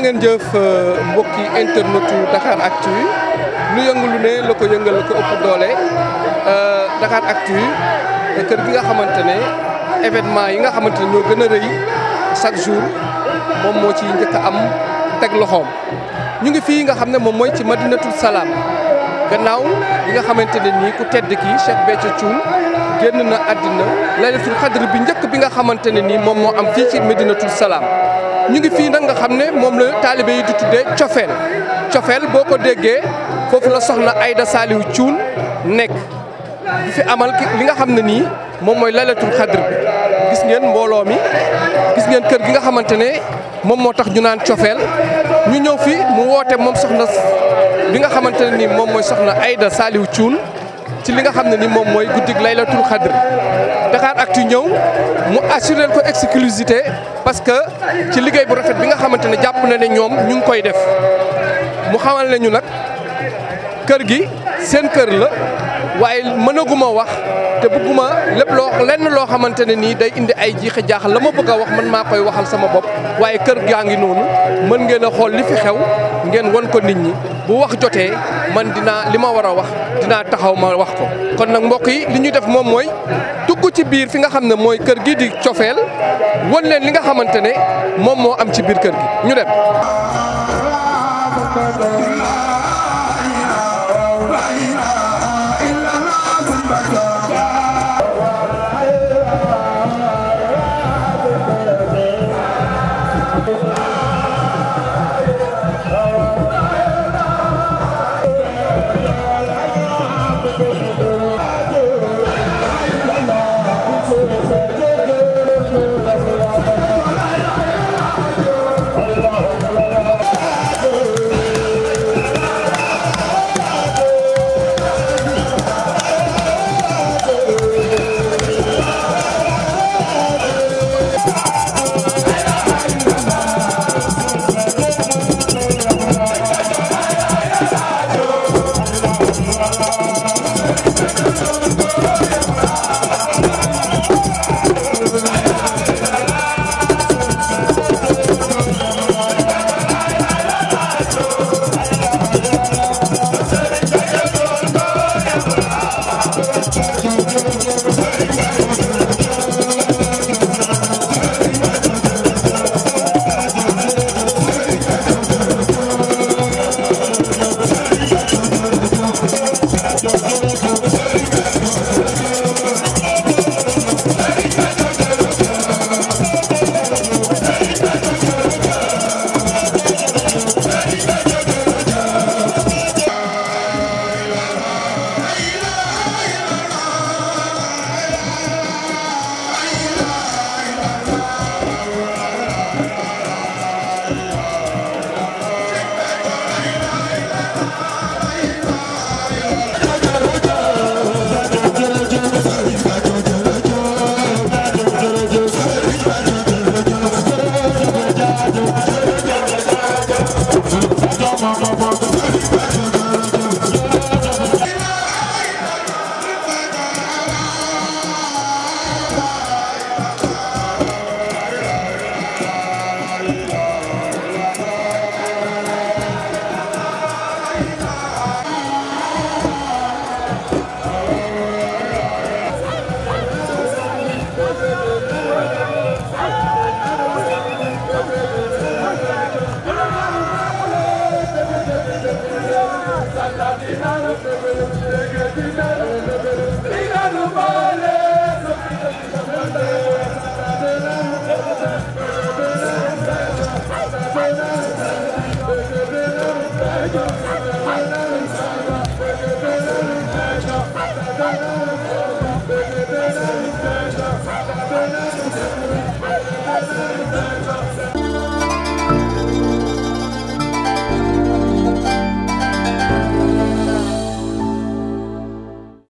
jërë ngeen jëf euh, mbokki internetu Dakaractu lu yëngu lu ne la ko yëngal la ko ëpp doole euh, Dakaractu kër gi nga xamante ne événement yi nga xamante ne ñoo gën a rëy chaque jour moom moo ci njëkk a am teg loxoom ñu ngi fii nga xam ne moom mooy ci Madinatul Salaam gannaaw bi nga xamante ne nii ku tedd kii Cheikh Béthio Thioune génn na àddina laylatul xadr bi njëkk bi nga xamante ne nii moom moo am fii ci Medinatul Salaam ñu ngi fii nag nga xam ne moom la taalibe yi di tuddee cofeel cofeel boo ko déggee foofu la soxna ay Saliou Thioune nekk di fi amal li nga xam ne nii moom mooy laylatul xadr bi gis ngeen mbooloo mi gis ngeen kër gi nga xamante ne moom moo tax ñu naan cofeel ñu ñëw fii mu woote moom soxna bi nga xamante ne ni moom mooy soxna Aida Saliou Thioune ci li nga xam ne ni moom mooy guddig laylatul ak Dakaractu ñëw mu assuré ko exclusivité parce que ci liggéey bu rafet bi nga xamante ne jàpp na ne ñoom ñu ngi koy def mu xamal nañu nag kër gi seen kër la waaye mënaguma wax te bëgguma lépp loo lenn loo xamante ne nii day indi ay jiixa jaaxal la ma bëgg wax man maa koy waxal sama bopp waaye kër gaa ngi noonu mën ngeen a xool li fi xew ngeen won ko nit ñi bu wax jotee man dinaa li ma war a wax dinaa taxaw ma wax ko kon nag mbokk yi li ñuy def moom mooy dugg ci biir fi nga xam ne mooy kër gi di cofeel won leen li nga xamante ne moom moo am ci biir kër gi ñu dem